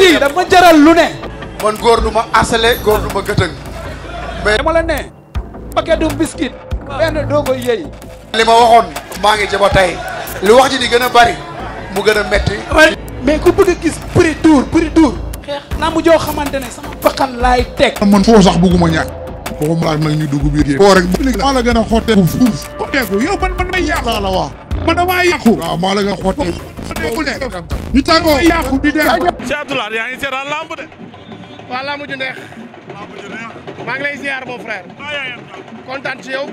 Dan dafa jaral lu ne. man góor du asale góor du ma gëtëng. mais dama la ne. paquet du biscuit. benn doo koy iya, yëy. Iya. li ma ngi jaba tey. Eh. lu wax ji di gën bari mu gën a metti. mais ku bëgg a gis prix tour prix tour. xeex mu joo xamante sama bakkan laay teg. man foo sax bëgguma ñàkk. waxum laaj nag ñu dugg biir rek la yow may la wax man la ku ne ñu tàngoo yàqu yaa ngi seetaan lamb de. waa lamb ju neex. maa ngi lay ziar mon frère. kontaan ci yow.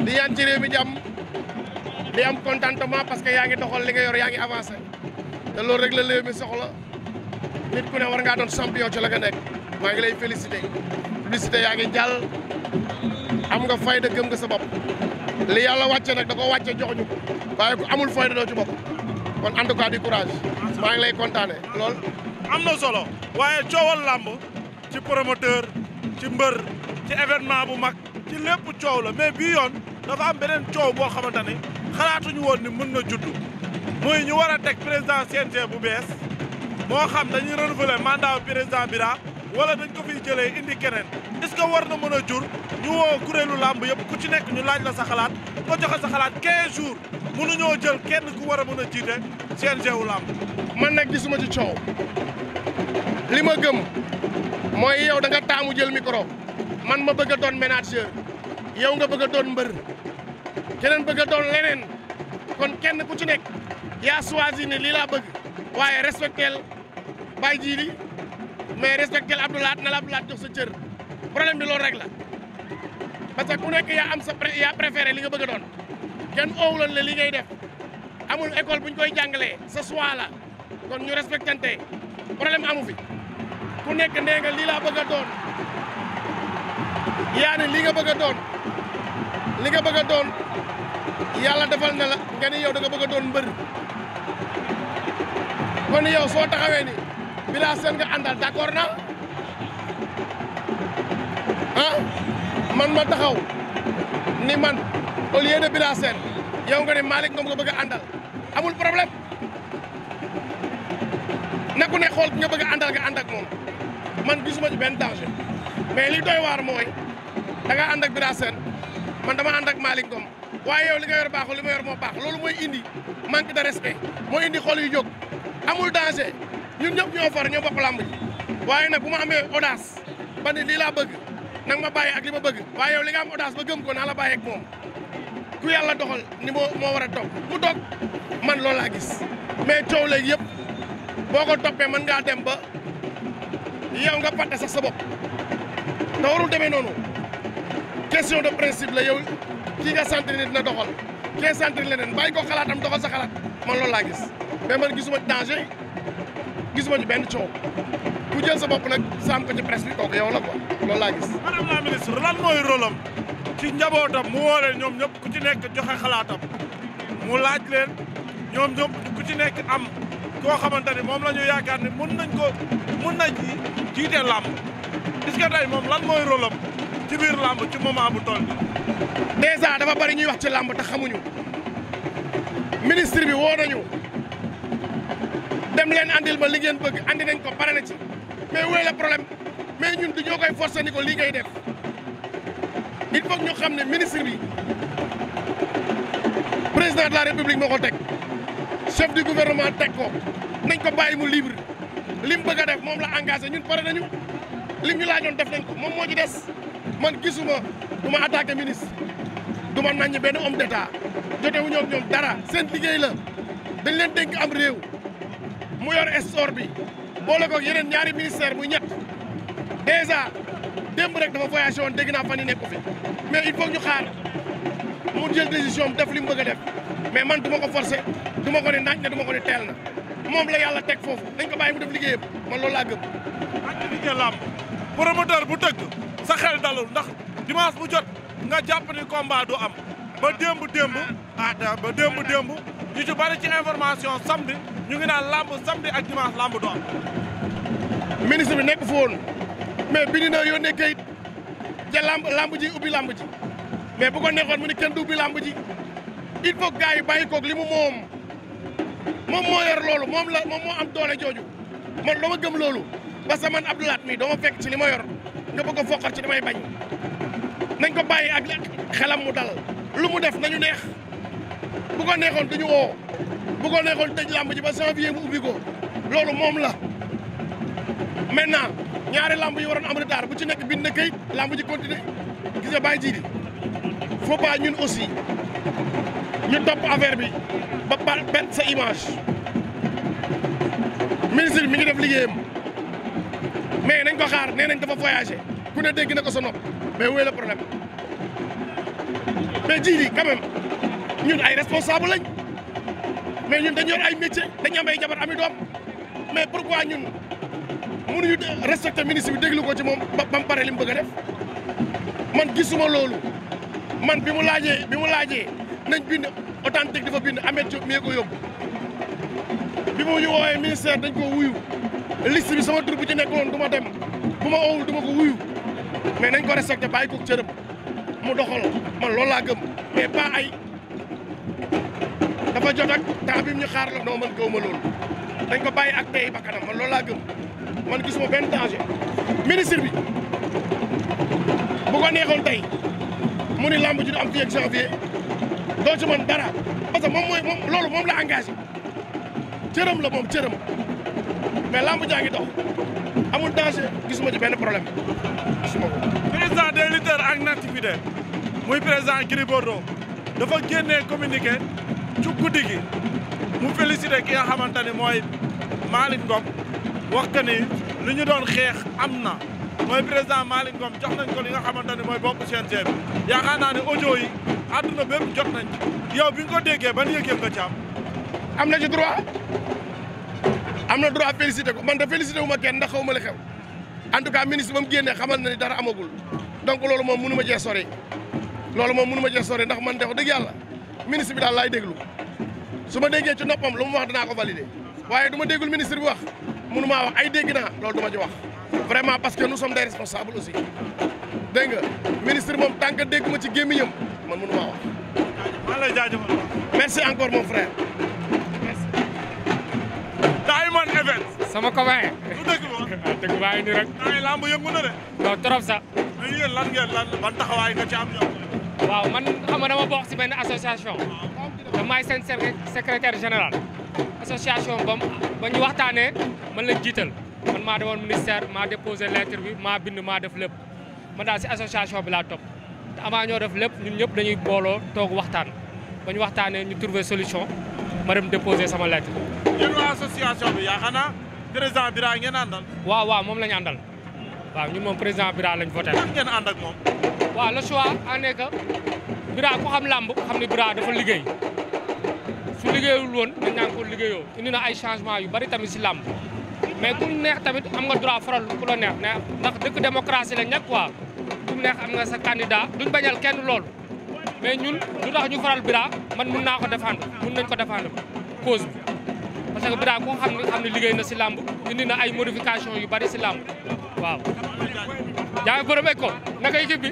di ñaan ci réew mi jàmm. di am contentement parce que yaa ngi doxal li nga yor yaa ngi avancé. te loolu rek la réew mi soxla. nit ku ne war ngaa doon champion ci la nga nekk. maa ngi lay félicité. publicité yaa ngi jàll. am nga fayda gëm nga sa bopp. li yàlla wàcce nag da ko wàcce jox ñu ko. waaye ku amul fayda doo ci bopp. kon en tout cas du courage maa ngi lay kontaane lool. am na solo waaye coowal làmb ci promoteur ci mbër ci événement bu mag ci lépp coow la mais bii yoon dafa am beneen coow boo xamante ne xalaatuñu woon ni mën na juddu muy ñu war a teg président CNG bu bees moo xam dañuy renouveler mandat président Bira wala dañ ko fiy jëlee indi keneen est-ce que war na mën a jur ñu woo kuréelu làmb yëpp ku ci nekk ñu laaj la sa xalaat ko joxe sa xalaat 15 jours. mënuñoo jël kenn ku war a mën a jiite CNG wu làmb man nag gisuma ci coow li ma gëm mooy yow da nga taamu jël micro man ma bëgg a doon yow nga bëgg a doon mbër keneen bëgg a doon leneen kon kenn ku ci nekk yaa choisir ne lii laa bëgg waaye respectel Baye Djili mais respectel Abdoulaat na la Abdoulaat jox sa cër problème bi loolu rek la parce que ku nekk yaa am sa yaa préféré li nga bëgg a doon kenn oowuloon la li ngay def amul école buñ koy jàngalee sa choix la kon ñu respectante problème amu fi ku nekk nee lii la bëgg a doon yaa ne li nga bëgg a doon li nga bëgg a doon yàlla defal na la nga yow da nga bëgg a doon mbër kon yow soo taxawee ni bila seen nga àndal d'accord na ah man ma taxaw ni man au de bila yow nga ne malik nga bëgg andal amul problème na ku ne xol nga bëgg andal nga andak mom man gisuma ci ben danger mais li doy war moy da nga andak ak man dama andak malik Malick Ngom waaye yow li nga yor baaxul lu ma yor mo baax lolu moy indi manque de respect moy indi xol yu jog amul danger ñun ñëpp ñoo far ñoo bop lamb ji waaye nag bu ma audace bané li la bëgg nak ma bàyyi ak li ma bëgg waye yow li nga am audace ba gëm ko na la bàyyi ak mom lu yàlla doxal ni moo war a toog mu toog man loolu laa gis mais coow léegi yëpp boo ko toppee man ngaa dem ba yow nga patte sax sa bopp te warul demee noonu question de principe la yow kii nga sentir ne dina doxal kii sentir leneen bàyyi ko xalaatam doxal sa xalaat man loolu laa gis mais man gisuma danger gisuma ñu benn coow ku jël sa bopp nag saam ko ci presse bi kooku yow la quoi loolu laa gis. mooy rôle ci njabootam mu woo leen ñoom ñëpp ku ci nekk joxe xalaatam mu laaj leen ñoom ñëpp ku ci nekk am koo xamante ni moom la ñu yaakaar ne mën nañ ko mën nañ ji jiite làmb gis nga moom lan mooy rôle am ci biir làmb ci moment bu toll bi dèjà dafa bari ñuy wax ci làmb te xamuñu ministre bi woo nañu dem leen andil ba li ngeen bëgg andi nañ ko bare na ci mais wéy la problème mais ñun du ñoo koy forcer ni ko lii ngay def il faut ñu xam ne ministre bi président la république moo ko teg chef du gouvernement teg ko nañ ko bàyyi mu libre lim bëgg a def moom la engagé ñun pare nañu lim ñu laajoon def nañ ko moom moo ci des man gisuma du ma attaqué ministre du ma naññ benn homme d'état jotewuñu ak ñoom dara seen liggéey la dañ leen dénk am réew mu yor essor bi boole ko yeneen ñaari ministère muy ñett déjà démb rek dafa voyagé woon dégg naa fan yi nekku fi mais il faut ñu xaar mu jël décision def li mu bëgg a def mais man du ma ko forcé du ma ko ne naaj na du ko ne teel na moom la yàlla teg foofu dañ ko bàyyi mu def liggéeyam man loolu laa gëm. activité làmb promoteur bu tëgg sa xel dalul ndax dimanche bu jot nga jàpp ni combat du am ba démb démb ah ba démb démb ñu ci bari ci information samedi ñu ngi naan làmb samedi ak dimanche làmb du am. ministre bi mais bi ñu na yónnee ja làmb làmb lamb ji ubbi làmb ji mais bu ko neexoon mu ne kenn du ubbi lamb ji il faut gars yi bàyyi koog li mu moom moom moo yor loolu moom la moom moo am doole jooju man dama gëm loolu parce que man Abdou Lahat mii dama fekk ci li ma yor nga bëgg a ci damay bañ nañ ko bàyyi ak xelam mu dal lu mu def nañu neex bu ko neexoon duñu woo bu ko neexoon tëj lamb ji ba janvier mu ubbi ko loolu moom la na ñaari lamb yi waroon am retard bu ci nekk bind na kayit lamb ji continuer gis nga bàyyi ji di ñun aussi ñu topp affaire bi ba perte sa image ministre bi mi ngi def liggéeyam mais nañ ko xaar nee nañ dafa voyagé ku ne dégg na ko sa nopp mais wéy la problème mais ji di ñun ay responsable lañ mais ñun dañu yor ay métier dañu am ay jabar ami doom mais pourquoi ñun. mënuñu respecté ministre bi déglu ko ci moom ba mu pare li mu bëgg a def man gisuma loolu man bi mu laajee bi mu laajee nañ bind authentique dafa bind Ameth Diop mi ko yóbbu bi mu ñu woowee ministère dañ ko wuyu liste bi sama tur bu ci nekkoon du dem bu ma owul du ma ko wuyu mais nañ ko respecté bàyyi ko cërëm mu doxal man loolu laa gëm mais pas ay dafa jot ak temps bi mu ñu xaar la noo man gëw ma loolu dañ ko bàyyi ak tey ba kanam man loolu laa gëm man gisuma benn danger ministre bi bu ko neexoon tey mu ni làmb ji du am fii ak janvier doo ci man dara parce que moom mooy moom loolu moom la engagé cëram la moom cëram mais làmb jaa ngi dox amul danger gisuma ci benn problème gisuma ko. président des lutteurs ak activité muy président Gris Bordeaux dafa génnee communiqué ci guddi gi mu félicité ki nga xamante ne mooy Malick Ngom. wax que ni li ñu doon xeex am na mooy président Malick Ngom jox nañ ko li nga xamante ne mooy bopp CNG bi yaakaar naa ne audio yi àdduna bépp jot nañ ci yow bi nga ko déggee ban yëg-yëg nga ci am am na ci droit am na droit félicité ko man de félicité wu ma kenn ndax xaw ma li xew en tout cas ministre ba mu génnee xamal na ni dara amagul donc loolu moom mënu ma cee sori loolu moom mënu ma sori ndax man de dëgg yàlla ministre bi daal laay déglu su ma déggee ci noppam lu mu wax danaa ko valider waaye du ma déggul ministre bi wax mënu maa wax ay dégg naa loolu duma ci wax vraiment parce que nous sommes des responsables aussi dégg nga ministre moom tant que dégg ma ci gémmiñam man mënu maa wax. lay jaajëfal. merci encore mon frère. merci. Diamond Event. sama copain. lu dëgg ah, ma. waaw si benn association. secretaire maay général. association ba ba ñu waxtaanee man lañ jiital man maa demoon ministère maa déposé lettre bi maa bind maa def lépp man daal si association bi laa topp te avant ñoo def lépp ñun ñëpp dañuy booloo toog waxtaan ba ñu waxtaanee ñu trouver solution ma dem déposé sama lettre. yéen waa association bi yaakaar naa président Bira ngeen àndal. waaw waaw moom la àndal waaw ñun moom président Bira lañ voté. kan ngeen ànd ak moom. waaw le choix en est que xam làmb xam ni Bira dafa liggéey. su liggéeyul woon dañ naan ko liggéeyoo indi na ay changement yu bari tamit si làmb mais ku neex tamit am nga droit faral ku la neex neex ndax dëkk démocratie la ñàkk quoi ku neex am nga sa candidat duñ bañal kenn loolu mais ñun lu tax ñu faral Bira man mun naa ko défendre mun nañ ko défendre cause bi parce ko xam ne xam na si làmb indi na ay modification yu bari si làmb waaw jaay borom ko naka équipe bi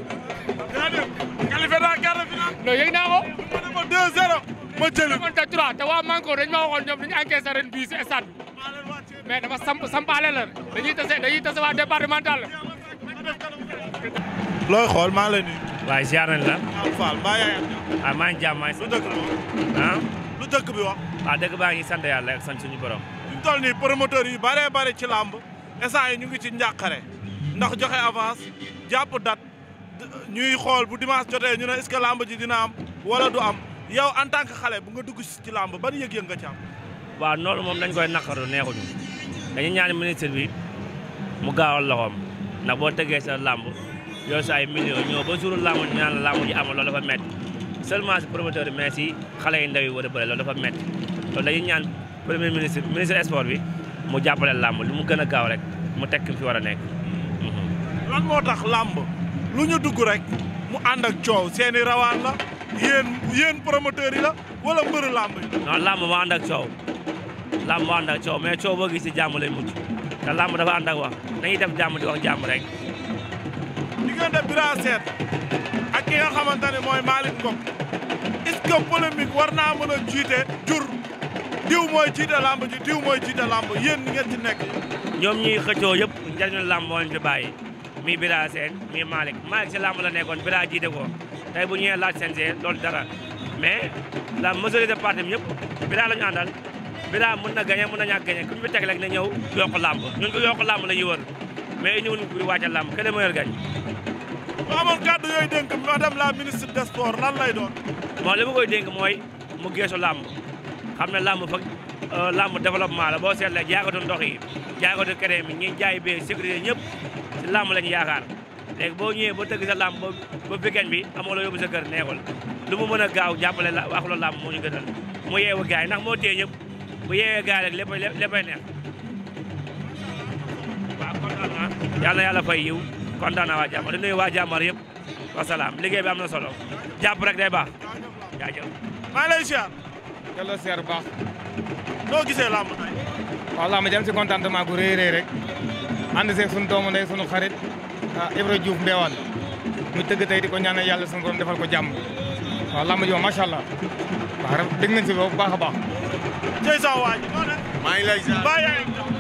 non yëg naa ko 2-0 ma jëli te trois te waa Manko dañ ma waxoon ñoom dañu encaissé ren bii si stade bi mais dama samp sampaale la dañuy tase dañuy tase waa départemental la. looy xool maa ngi lay nuyu. waaye ziar la. Fall mbaa yaa ngi ah maa ngi jàmm ngi. lu dëkk bi wax ah. lu dëkk bi wax. ah dëkk baa ngi sant yàlla ak sant suñu borom. fi mu toll yi promoteurs yu bëree bëri ci làmb instant yi ñu ngi ci njàqare ndax joxe avance jàpp dat ñuy xool bu dimanche jotee ñu ne est-ce que dina am wala du am. yow en tant que xalé bu nga dugg ci lamb ban yeg yeug nga ci am. wa loolu mom dañ koy neexu ñu dañu ñaan ministre bi mu gaawal loxom ndax bo tege sa lamb yo say ay millions ba suru lamb ñaan lamb yi am loolu dafa metti seulement si promoteur bi mais si yi ndaw yi war bëre loolu dafa metti loolu dañu ñaan premier ministre ministre sport bi mu jappalé lamb lu mu gëna gaaw rek mu tek fi wara nekk. lan motax lamb lu ñu dugg rek mu ànd ak coow seeni rawaan la. yéen yéen promoteurs yi la wala mbëru làmb yi. non làmb ma coow làmb ma ànd coow mais coow boo gis ci jàmm lay mujj te làmb dafa ànd ak wax nañuy def jàmm di wax jàmm rek. diggante Bira Sène ak ki nga xamante ne mooy Malick Ngom est-ce que war naa mën a jiite jur diw mooy jiite làmb diw mooy jiite làmb yéen ngeen ci nekk. ñoom ñuy xëccoo yëpp njëriñu làmb moo leen fi bàyyi mi Bira Sène mi Malick Malick si làmb nekkoon Bira jiite ko. tey bu ñëwee laaj CNG loolu dara mais la majorité de parti bi ñëpp Bilal la ñu àndal mën na gagné mën na ñàkk gagné ku ñu fi teg rek ne ñëw yokk làmb ñun ko yokk la ñuy wër mais i ñëwuñu pour wàcce làmb que le meilleur gagne bu amoon yooyu dénk madame la ministre des sports lan lay doon moom li ma koy dénk mooy mu geesu làmb xam ne làmb fa euh, làmb développement la boo seetlee jaagatu ndox yi jaagatu keree mi ñi jaay bee sécurité ñëpp si la ñu yaakaar léegi boo ñëwee ba tëgg sa làmb ba ba weekend bi amoo la yóbbu sa kër neexul lu mu mën a gaaw jàppale la wax la làmb moo ñu gënal mu yeewu gaay ndax moo téye ñëpp bu yeewee gaay rek léppay léppay neex waaw kontaan naa yal na yàlla fay yiw kontaan waa jàmbar di nuyu waa jàmbar yëpp wasalaam liggéey bi am na solo jàpp rek day baax jaajëf maa lay siyaar delloo siyaar bu baax noo gisee làmb tey waaw làmb jam ci contentement gu rëy rëy rek ànd seeg suñu doomu ndey suñu Ah, Ibra Diouf Mbewaan muy tëgg tey di ko ñaanal yàlla suñu borom defal ko jàmm waaw làmb ji moom macha allah waaw rek dégg nañ si bu baax a baax. Ndiaye Sa waay maa ngi lay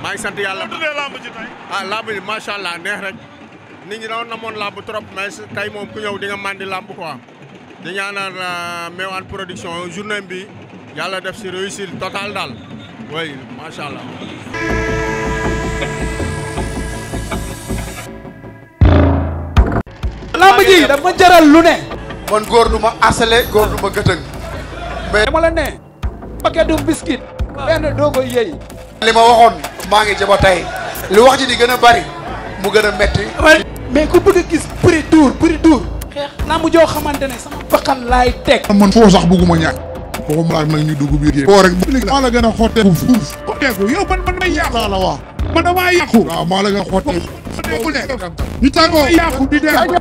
maa ngi sant yàlla làmb ji tey. Ah, macha allah neex rek ni ñi doon namoon làmb trop mais tey moom ku ñëw di nga mandi làmb quoi. di ñaanal ah, Mbewaan production journée bi yàlla def si réussite totale daal oui macha allah. lii dama jaral lu ne. man góor du ma asale góor du ma gëtëng. mais dama la ne. paquet du biscuit. benn doo koy yëy. li ma waxoon maa ngi jaba tey. li wax ji di gën a bari mu gën a metti. mais ku bëgg a gis prix tour prix tour. xeex naa mu joo xamante ne sama bakkan laay teg. man foo sax bëgguma ñàkk. waxuma laaj nag ñu dugg biir yéen. foo rek léegi maa la gën a xotteeku fuuf. xotteeku yow man man may yàq la wax. man a yàqu. waaw maa la gën a xotteeku. ñu tàggoo